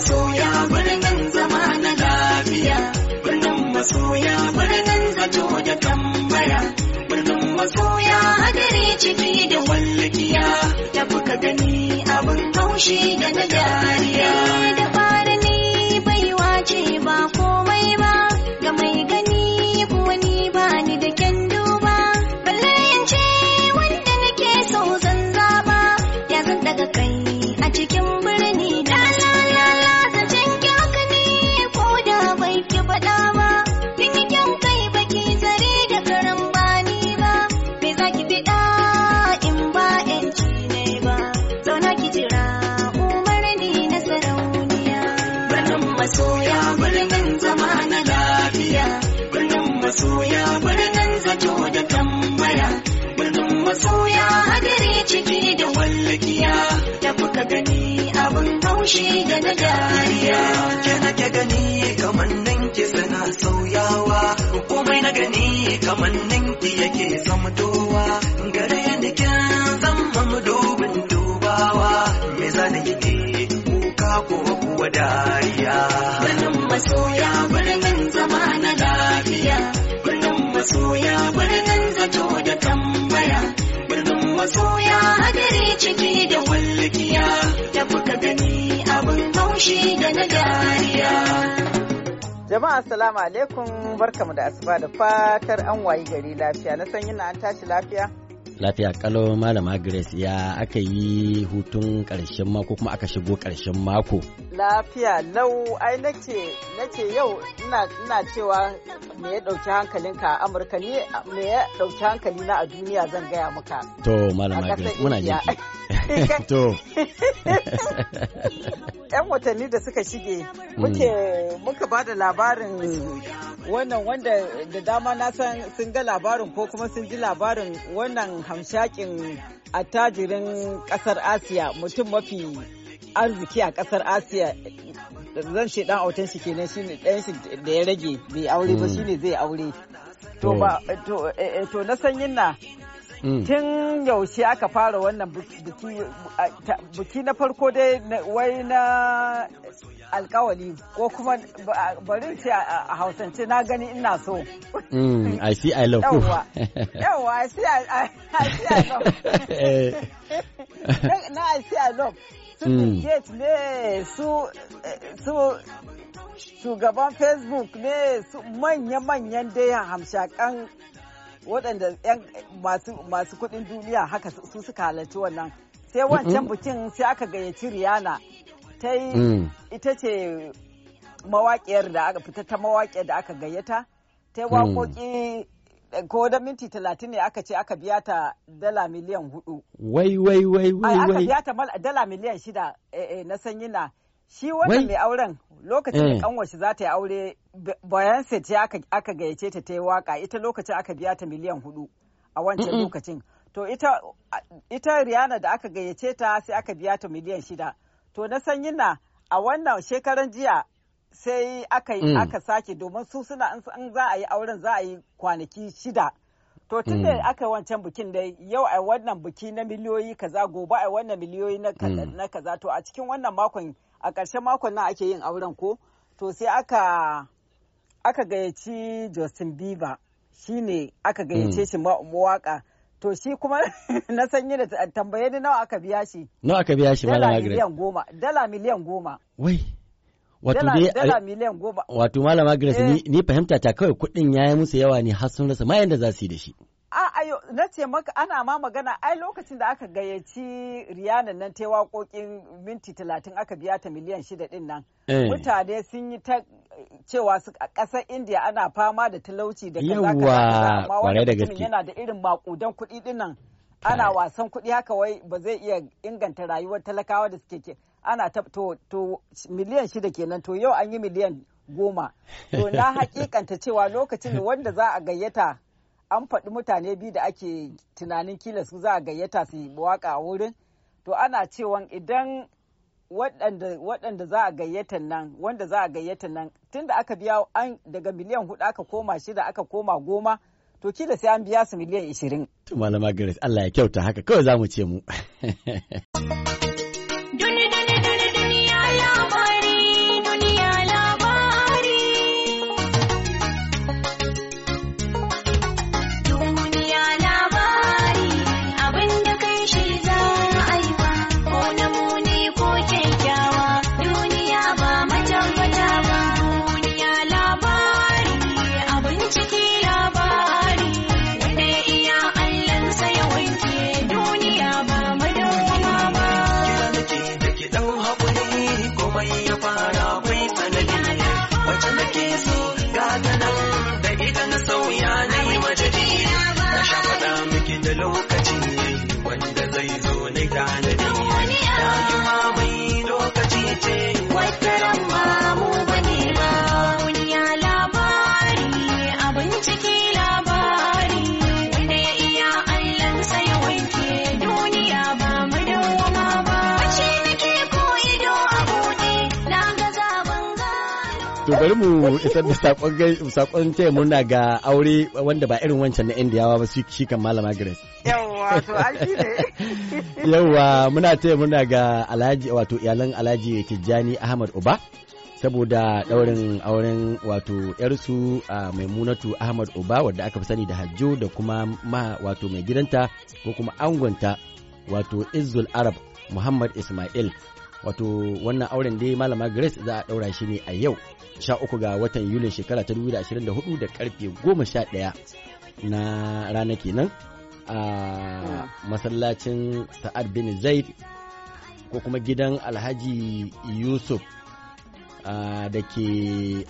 masoya birnin zama na lafiya birnin masoya birnin zato da tambaya birnin masoya hadari ciki da wallakiya da buga gani abin haushi da na dariya ka gani abin da na dariya ke nake gani nan ki sana sauyawa komai na gani nan ki yake zamtowa gare ni kin zama mudubin dubawa me za ni yi kuka ko kuwa dariya ganin masoya birnin zama na lafiya kullum masoya birnin zato da tambaya birnin masoya a ciki mikiya da kuka gani abin da na dariya. Jama'a salamu alaikum barkamu da asuba da fatar an wayi gari lafiya na san yana an tashi lafiya. Lafiya kalo malama Grace ya aka yi hutun karshen mako kuma aka shigo karshen mako. Lafiya lau ai nake nace yau ina cewa me ya ɗauki hankalinka a Amurka ne me ya ɗauki hankali na a duniya zan gaya muka. To malama Grace muna jiki. to yan watanni da suka shige hmm. muke muka ba da labarin wannan wanda da dama na san sun ga labarin ko kuma sun ji labarin wannan hamshakin attajirin kasar asiya mutum mafi arziki a kasar asiya zan ce dan autan shi kenan shi da ya rage bai aure ba hmm. shine zai aure to ba to eh, eh, na sanyin na Mm. tun yaushe aka fara wannan buki na farko dai wai na alkawali ko kuma bari ce a hausance na gani ina so mm, i see i love yawa yawa i see i love eh. na i see i love su mm. gate ne su su shugaban facebook ne su manya-manyan dai hamshakan waɗanda masu kuɗin duniya haka su suka halarci wannan sai wancan bikin sai aka gayyaci rihanna ta yi mm. ita ce mawaƙiyar da aka fita ta mawaƙiyar da aka gayyata ta mm. waƙoƙi eh, ko da minti talatin ne aka ce aka biya ta dala miliyan hudu wai wai wai wai aka biya ta dala miliyan shida eh, eh, na sanyi na Shi wannan mai auren lokacin da eh. kanwace za ta yi aure Beyonce ya aka gayyace ta ta yi waka ita lokacin aka biya ta miliyan hudu a wancan lokacin. To ita ita Rihanna da aka gayyace ta sai aka biya ta miliyan shida. To na san yana a wannan shekaran jiya sai aka mm. sake domin su suna in za a yi auren za a yi kwanaki shida. To tun da mm. aka yi wancan bikin dai yau a wannan biki na miliyoyi kaza gobe a wannan miliyoyi na mm. kaza to a cikin wannan makon a ƙarshen makon nan ake yin auren ko to sai aka aka gayyaci Justin Bieber shine aka gayyace shi waka to shi kuma na yi da tambaye ni nawa aka biya shi nawa aka biya shi malam agri miliyan goma dala miliyan goma wai wato dai dala miliyan goma wato malam agri eh. ni fahimta ta kawai kudin yayi musu yawa ne har sun rasa ma yanda za su yi da shi a'a na ce maka ana ma magana ai lokacin da aka gayyaci Riyana nan ta waƙoƙin minti talatin aka biya ta miliyan shida din nan. Eh. Mutane sun yi ta cewa su a ƙasar indiya ana fama da talauci da kaza kaza amma mutumin yana da irin maƙudan kuɗi din nan. Ana wasan kuɗi haka wai ba zai iya inganta rayuwar talakawa da suke ke. Ana ta to miliyan shida kenan to yau an yi miliyan goma. To na hakikanta cewa lokacin da wanda za a gayyata an faɗi mutane biyu da ake tunanin kila su za a gayyata su waka a wurin to ana cewa idan waɗanda za a gayyata nan wanda za a gayyata nan tun da aka biya daga miliyan hudu aka koma shida aka koma goma to kila sai an biya su miliyan ishirin. malama garis allah ya kyauta haka kawai za mu ce mu. to bari mu isar da sakon taya murna ga aure wanda ba irin wancan na indiyawa ba su shi kan malama grace yawwa muna taya murna ga alhaji wato iyalan alhaji tijjani ahmad uba saboda daurin auren wato yarsu a maimunatu ahmad uba wadda aka fi sani da hajjo da kuma ma wato mai gidanta ko kuma angonta wato izul arab muhammad ismail wato wannan auren dai malama grace za a ɗaura shi ne a yau 13 ga watan yulin shekara ta 2024 da karfe 11 na rana kenan a masallacin sa'ad bin zaid ko kuma gidan alhaji yusuf da ke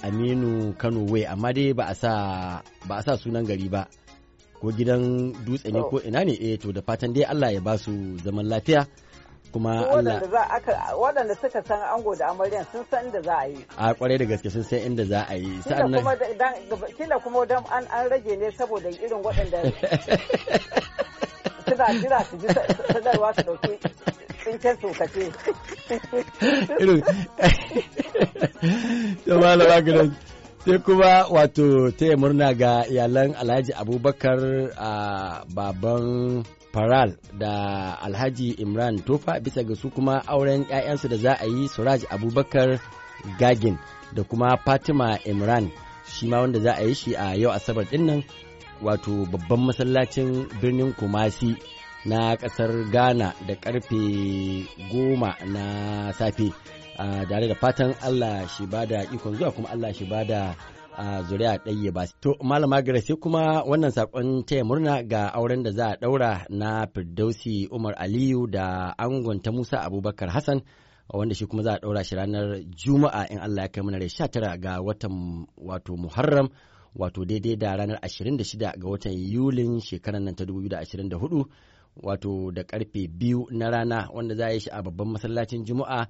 aminu kano way amma dai ba a sa sunan gari ba ko gidan dutse ne ko oh. ina ne eh to da fatan dai allah ya ba su zaman lafiya kuma Allah waɗanda suka san ango da amaryan sun san inda za a yi a kware da gaske sun san inda za a yi sannan kila kuma dan an an rage ne saboda irin waɗanda suna jira su ji sadarwa su dauke tsinken tsokace irin to malama gidan sai kuma wato taya murna ga iyalan alhaji abubakar a baban faral da alhaji imran tofa bisa ga su kuma auren 'ya'yansu da za a yi suraj abubakar gagin da kuma fatima imran shi ma wanda za a yi shi a yau asabar dinnan wato babban masallacin birnin kumasi na kasar ghana da karfe goma na safe a dare da fatan Allah shi bada ikon zuwa kuma Allah shi bada a zuriya ɗaya ba. To malama gare sai kuma wannan saƙon taya murna ga auren da za a ɗaura na Firdausi Umar Aliyu da angon ta Musa Abubakar Hassan wanda shi kuma za a ɗaura shi ranar Juma'a in Allah ya kai mana rai tara ga watan wato Muharram wato daidai da ranar 26 ga watan Yulin shekarar nan ta 2024 wato da karfe biyu na rana wanda za a yi shi a babban masallacin Juma'a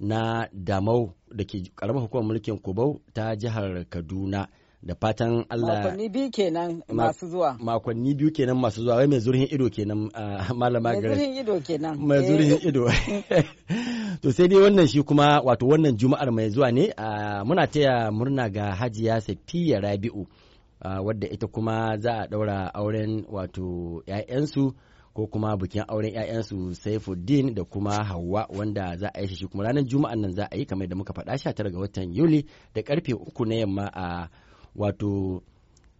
na damau da ke karamar hukumar mulkin kubau ta jihar kaduna da fatan allah makonni biyu kenan masu zuwa makonni biyu kenan masu zuwa wai mai zurhin ido kenan ah, malama mai zurhin ido kenan mai eh. zurhin ido to sai dai wannan shi kuma wato wannan juma'ar mai zuwa ne ah, muna taya murna ga hajiya safiya rabi'u ah, wadda ita kuma za a daura auren wato 'ya'yansu ko kuma bikin auren 'ya'yansu Saifuddin da kuma Hauwa wanda za a yi shi kuma ranar Juma'an nan za a yi kamar da muka faɗa 19 ga watan Yuli da karfe uku na yamma a wato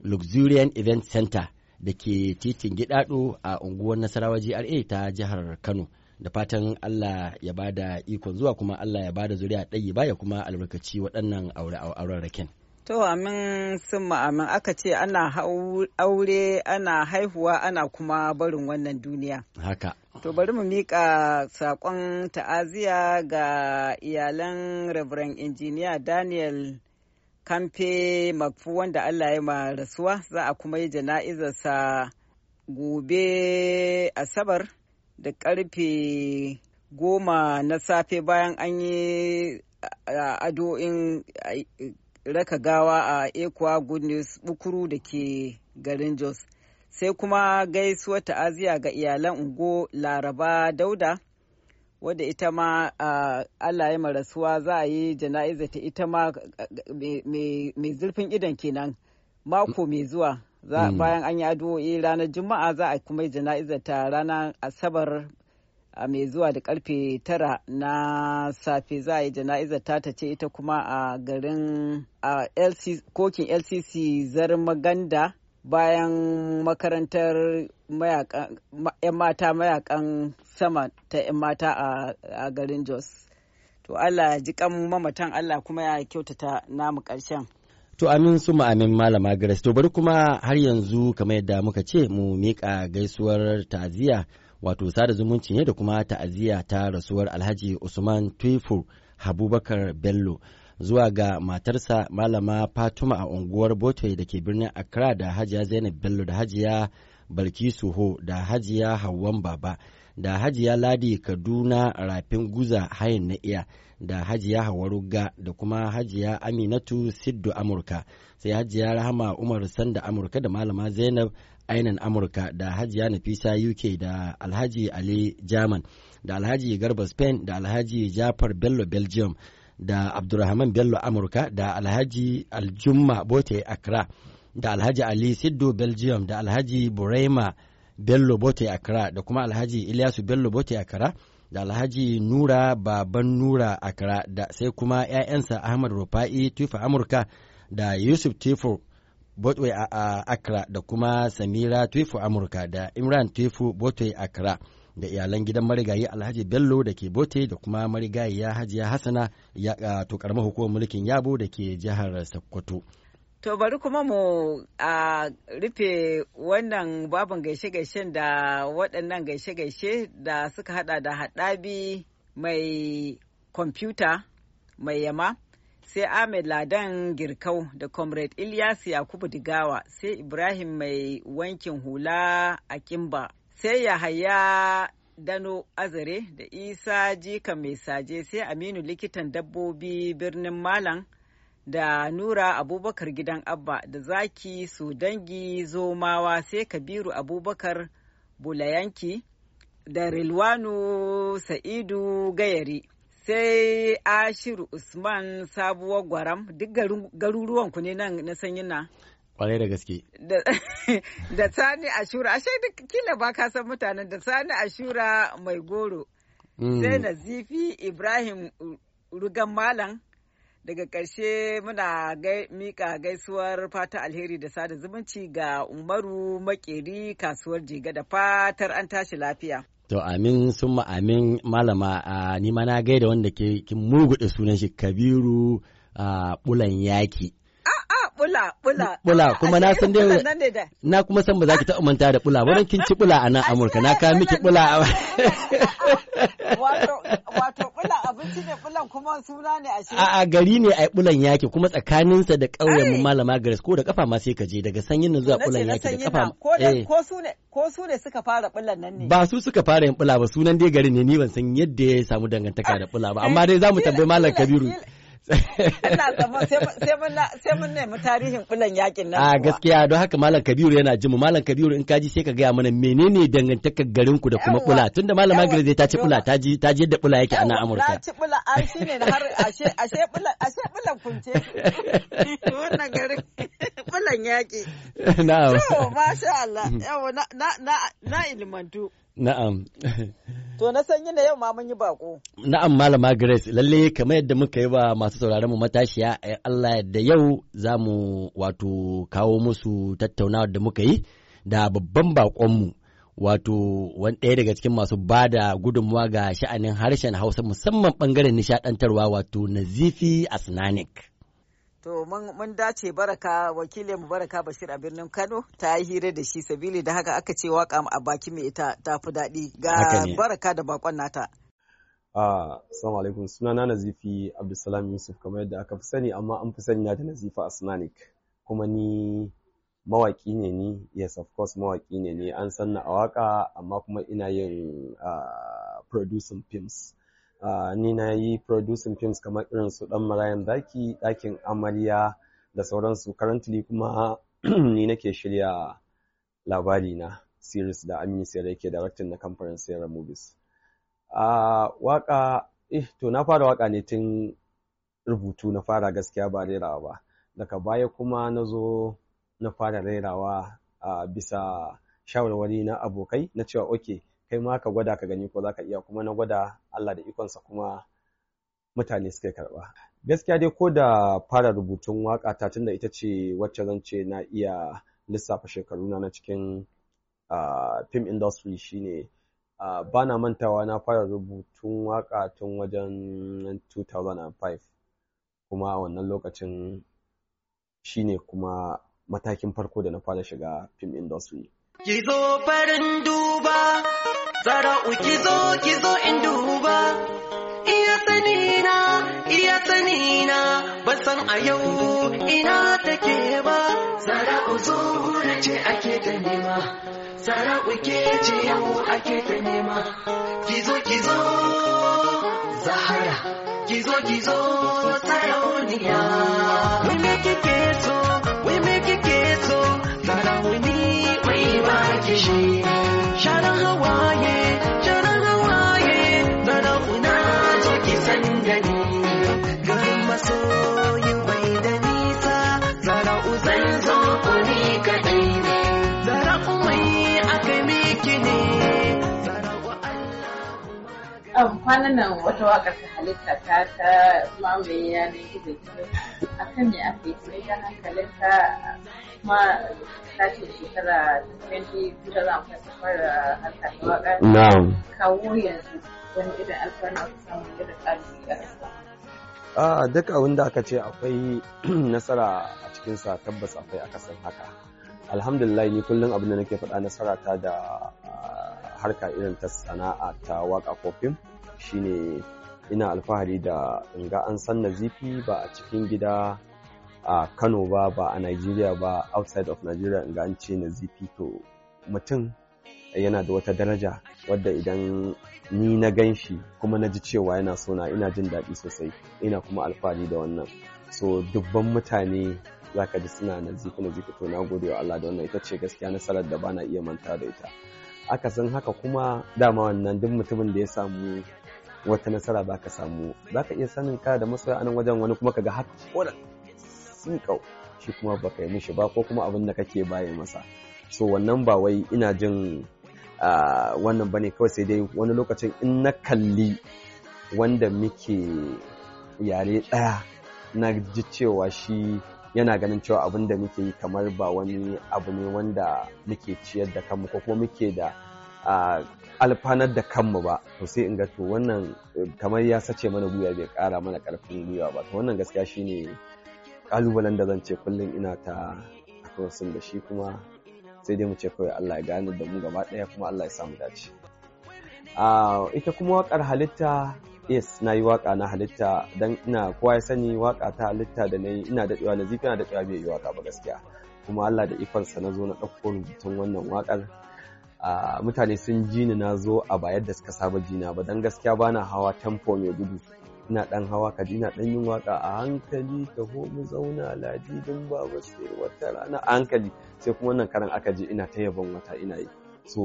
Luxurian Event Center da ke titin Gidado a unguwar Nasarawa GRA ta jihar Kano. da fatan Allah ya bada ikon zuwa kuma Allah ya bada zuriya ɗayi baya kuma albarkaci waɗannan aure-auren raken. To amin sun amin aka ce ana aure ana haihuwa ana kuma barin wannan duniya. Haka. To bari mu miƙa saƙon ta'aziya ga iyalan Reverend Injiniya Daniel Kamfe Makfu wanda Allah ya rasuwa za a kuma yi jana'izarsa gobe Asabar da ƙarfe goma na safe bayan an yi addu'o'in raka gawa a ekwa good news bukuru da ke garin jos sai kuma gaisuwar ta'aziya ga iyalan ungo laraba dauda wadda ita ma allah ya marasuwa za a yi jana'iza ta ita ma mai zurfin idan kenan mako mai zuwa hmm. bayan an yi addu'o'i ranar juma'a za a kuma yi ta ranar asabar a mai zuwa da karfe tara na safe za a yi jana'izar ta ce ita kuma a garin a kokin lcc Maganda bayan makarantar 'yan mata mayakan sama ta 'yan mata a garin jos to allah ji kan mamatan allah kuma ya kyautata namu karshen To amin su amin malama Grace to bari kuma har yanzu kamar yadda muka ce mu miƙa gaisuwar ta'aziyya wato sada zumunci ne da kuma ta'aziyya ta rasuwar alhaji usman tuifur habubakar bello zuwa ga matarsa malama fatuma a unguwar botoi da ke birnin accra da hajiya zainab bello da hajiya balkisu ho da hajiya hawan baba da hajiya ladi kaduna rafin guza hayin na iya da hajiya hawaruga da kuma hajiya aminatu siddu amurka sai hajiya rahama umar sanda amurka da malama zainab ainin amurka da hajiya nafisa uk da alhaji ali german da alhaji garba spain da alhaji jafar bello belgium da abdurrahman bello amurka da alhaji aljumma bote Akra, da alhaji ali siddo belgium da alhaji burema bello bote Akra, da kuma alhaji ilyasu bello bote accra da alhaji nura baban nura accra da sai kuma 'ya'yansa ahmad rufa'i tufa amurka da yusuf tifo Botway a Accra da kuma Samira Tuifu Amurka da Imran Tuifu Botway Accra. da iyalan gidan marigayi alhaji bello da ke bote da kuma ya hajiya hassana ya to karamar hukumar mulkin yabo da ke jihar sokoto to bari kuma mu a rufe wannan babin gaishe-gaishen da waɗannan gaishe-gaishe da suka hada da haɗabi mai kwamfuta mai yama sai Ahmed Ladan Girkau da Comrade Ilyas Yakubu Digawa sai Ibrahim mai wankin hula a Kimba sai Yahaya Dano Azare da Isa Jika mai saje sai Aminu likitan dabbobi birnin Malam da Nura Abubakar gidan Abba da Zaki Sudangi Zomawa sai Kabiru Abubakar Bulayanki da Rilwanu Sa'idu Gayari. sai ashiru usman sabuwar gwaram duk garuruwan ku ne nan na sanyin na kwarai da gaske da sani ashura ashe duk kila ba ka san mutanen da sani ashura mai goro mm. sai nazifi ibrahim rugan malam daga ƙarshe muna mika gaisuwar fata alheri da sada zumunci ga umaru makeri kasuwar jiga da fatar an tashi lafiya To amin sun amin malama a nima na gaida wanda ke kin murguɗe sunan shi Kabiru a bulan yaki bula bula bula kuma na san dai na kuma san ba za ki taɓa manta da bula wannan kin ci bula a nan Amurka na ka miki bula wato wato bula abinci ne bulan kuma suna ne a shi a gari ne ai bulan yake kuma tsakaninsa da ƙauyen mu malama Grace ko da kafa ma sai ka je daga sanyin nan zuwa bulan yake da kafa eh. ko su ne ko su ne suka fara bulan nan ne ba su suka fara yin bula ba sunan dai garin ne ni ban san yadda ya samu dangantaka da bula ba eh, amma dai zamu tambayi malam Kabiru Allah sai mun mu tarihin bulan yakin nan. A gaskiya don haka Malam Kabiru yana ji mu Malam Kabiru in ka sai ka gaya mana menene dangantakar garin da kuma bula tunda Malam a nan Amurka. Ta na na Na'am. To na san yana yau ma mun yi bako. Na'am Malama Grace, lalle kamar yadda muka yi wa masu sauraron mu matashiya eh, Allah yadda yau za mu wato kawo musu tattaunawar da muka yi da babban mu wato wani ɗaya daga cikin masu ba da gudunmawa ga sha'anin harshen Hausa musamman bangaren nishaɗantarwa wato Nazifi Asnanik. To mun dace baraka wakilin baraka Bashir a birnin Kano ta yi hira da shi sabili da haka aka ce waka a baki mai ita ta fi daɗi ga baraka da bakon nata. Assalamu alaikum sunana Nazifi Abdulsalam Yusuf kamar yadda aka fi sani amma an fi sani na da Nazifa Asnanik kuma ni mawaki ne ni yes of course mawaki ne ni an sanna a waka amma kuma ina yin producing films ni na yi producing films kamar irin su dan marayan zaki dakin amarya da sauransu currently kuma ni nake shirya labari na series da Aminu Sera yake directing na kamfanin Sera Movies. A waka eh to na fara waka ne tun rubutu na fara gaskiya ba rerawa ba. Daga baya kuma na zo na fara rerawa a bisa shawarwari na abokai na cewa oke. kai ma ka gwada ka gani ko za ka iya kuma na gwada Allah da ikonsa kuma mutane suka karɓa. gaskiya dai ko da fara rubutun waka ta tunda ita ce wacce zan ce na iya lissafa shekaru na cikin film industry shine uh, ba na mantawa na fara rubutun waka tun wajen 2005 kuma a wannan lokacin shine kuma matakin farko da na fara shiga film industry. Gizo farin duba sara'u ki zo ki zo in duba iya sanina iya sanina ban san a yau ina take ba sara'u zuhura ce ake ta nema sara'u ke ce yau ake ta nema ki zo ki zo zahara ki zo sarauniya me kike so kwanan nan wata wakar ta halitta ta ta mamaye yanayi gizo gizo a kan me aka yi sai ta hankalin ta ma ta ce shekara 2020 fara harka ta waka kawo yanzu wani irin alfanu aka yadda irin ƙarfi a a duk abin da aka ce akwai nasara a cikinsa tabbas akwai akasin haka alhamdulillah ni kullum abin da nake faɗa nasara ta da harka irin ta sana'a ta waka Kofin shi shine ina alfahari da in ga an san nazifi ba a cikin gida a kano ba ba a nigeria ba outside of nigeria in ga an ce nazifi to mutum yana da wata daraja wadda idan ni na gan shi kuma na ji cewa yana sona ina jin daɗi sosai ina kuma alfahari da wannan so dubban mutane zaka ji suna nazifi nazifi to na gode wa Allah da wannan ita ce gaskiya nasarar da bana iya manta da ita akasin haka kuma dama wannan duk mutumin da ya samu wata nasara ba ka samu za ka iya sanin ka da masoya anan wajen wani kuma kaga har kodan sikau shi kuma baka yi mishi ba ko kuma abin da kake baye masa so wannan ba wai ina jin wannan bane kawai sai dai wani lokacin in na kalli wanda muke yare ɗaya na ji cewa shi yana ganin cewa abin da muke yi kamar ba wani abu ne wanda muke ciyar da kanmu ko kuma muke da alfanar da kanmu ba to sai in ga to wannan kamar ya sace mana gwiwa bai kara mana karfin gwiwa ba to wannan gaskiya shine kalubalen da zan ce kullum ina ta akwasin da shi kuma sai dai mu ce kawai Allah ya gane da mu gaba ɗaya kuma Allah ya samu dace ita kuma wakar halitta yes na yi waka na halitta don ina kowa ya sani waka ta halitta da na yi ina daɗewa na zifi na daɗewa bai yi waka ba gaskiya kuma Allah da ikonsa na zo na ɗauko rubutun wannan wakar mutane sun ji ni na zo a bayar da suka saba jina ba don gaskiya ba na hawa tempo mai gudu ina dan hawa ka ina dan yin waka a hankali ka ho mu zauna ba baba sai wata rana a hankali sai kuma wannan karan aka je ina ta yabon wata ina yi so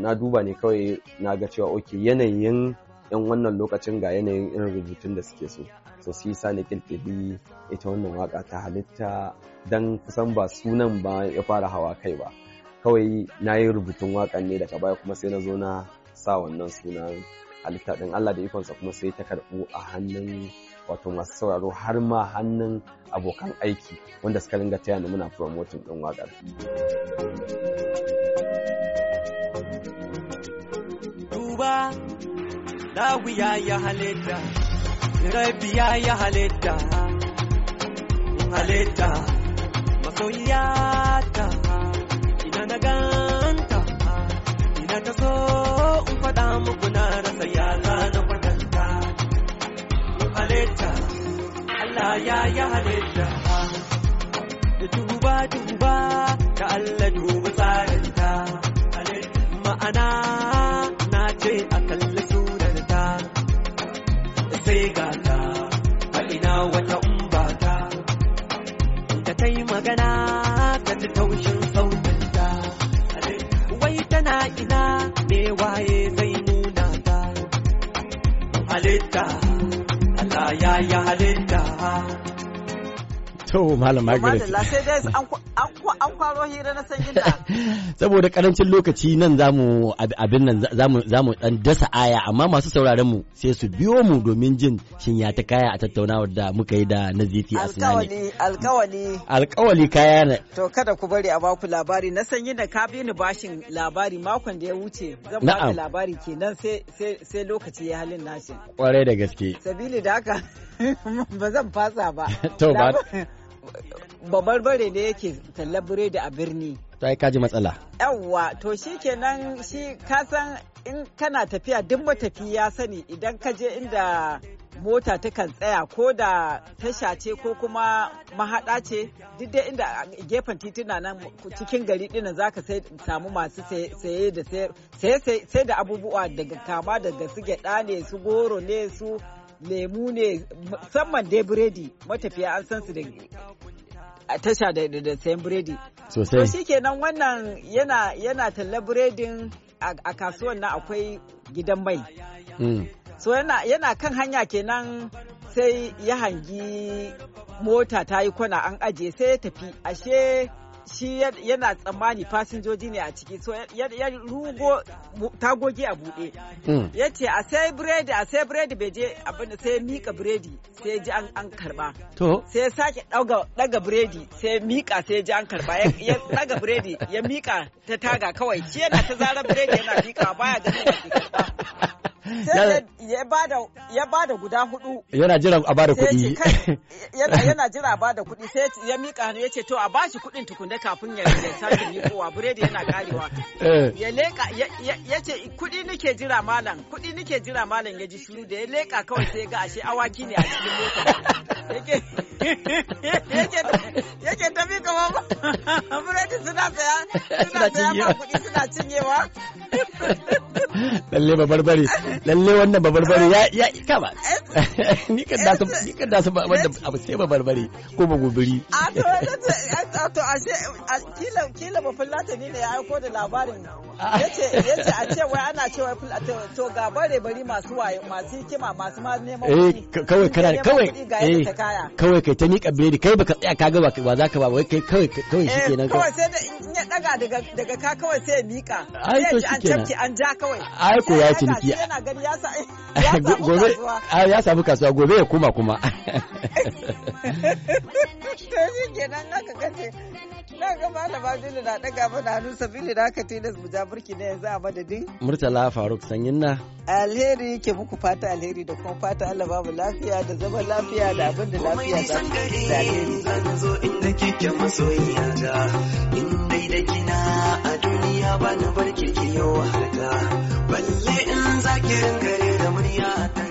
na duba ne kawai na ga cewa oke yanayin 'yan wannan lokacin ga yanayin irin rubutun da suke so so shi sa na kirkiri ita wannan waka ta halitta dan kusan ba sunan ba ya fara hawa kai ba kawai na yi rubutun wakan ne daga baya kuma sai na zo na sa wannan sunan halitta din Allah da ikonsa kuma sai ta karɓo a hannun wato masu sauraro har ma hannun abokan aiki wanda suka ringa taya ni muna promoting din wakar. Duba Allahu ya halitta, Rabi ya yi halitta, halitta, masoyiyata, ina na ganta, ina ta so in faɗa muku na rasa ya na kwatanta. Halitta, Allah ya yi halitta, da duba duba da Allah duba tsarinta, ma'ana na ce a kallon sai gata a ina wata umbata da ta yi magana ta ji taushin sautinta wai tana ina ne waye zai nuna ta halitta Allah ya yi halitta To sai dai an kwaro hira na sanyin da. Saboda karancin lokaci nan zamu abin nan zamu dan dasa aya amma masu sauraron mu sai su biyo mu domin jin shin ya ta kaya a tattaunawar da muka yi da Nazifi Asmani. Alkawali alkawali. kaya ne. To kada ku bari a baku labari na sanyin da ka bi ni bashin labari makon da ya wuce zan ba labari kenan sai sai lokaci ya halin nashi. Kwarai da gaske. Sabili da haka ba zan fasa ba. To ba babarbare ne yake talla biredi a birni ta yi kaji matsala yawwa to shi kenan shi kasan in kana tafiya duk matafi ya sani idan ka je inda mota ta tsaya ko da tasha ce ko kuma mahaɗa ce duk da inda gefen tituna nan cikin gari ɗina za ka samu masu saye da sai da abubuwa daga kama daga su gyaɗa ne su goro ne su lemu ne musamman dai biredi matafiya an san su da a tasha da sayan biredi sosai shi kenan wannan yana yana talla biredin a kasuwan nan akwai gidan mai mm. so yana kan hanya kenan sai ya hangi mota ta yi kwana an ajiye sai ya tafi ashe shi yana tsammani fasinjoji ne a ciki so ya rugo tagogi a buɗe hmm. ya ce a sai biredi a sai biredi bai je abinda sai ya mika biredi sai ya ji an karba sai sake daga biredi sai ya mika sai ji an karba ya daga biredi ya mika ta taga kawai shi yana ta zarar biredi yana mika baya ganin da karba ya da guda hudu yana jira a bada kuɗi yana jira a bada kuɗi sai ya mika hannu ya ce to a bashi kuɗin tukunda kafin ya sake mikowa buredi yana karewa eh. ya leka ya ce kuɗi nake jira malam kudi nake jira malam ya ji shuru da ya leka kawai sai ga ashe awaki ne a cikin mota yake tafi kamar buredi suna saya suna saya ma kuɗi suna cinyewa lalle ba barbare lalle wannan ba barbare ya ya kama eh, ni kan da eh, ni kan da wanda eh, abu sai ba barbare ko magubiri a to a ce a kila kila ba fullata ne ya aiko da labarin ah. yace yace a ce wai ana cewa to ga bare bari masu waye masu hikima masu ma neman eh kawai kana kawai kawai kai ta ka biredi kai baka tsaya ga ba ba ka ba wai kai kawai kawai shikenan kawai sai da in ya daga daga ka kawai sai ya miƙa ai to shikenan an ja kawai ai ko ya ciniki gani ya samu kasuwa gobe ya samu kasuwa gobe ya kuma kuma to shi kenan aka kace na ga malama jini na daga mana hannu sabili da aka tilas mu ja burki yanzu a madadin murtala faruk sanyin na alheri ke muku fata alheri da kuma fata Allah babu lafiya da zaman lafiya da abin lafiya za da kina a haka balle in zaki rinka da murya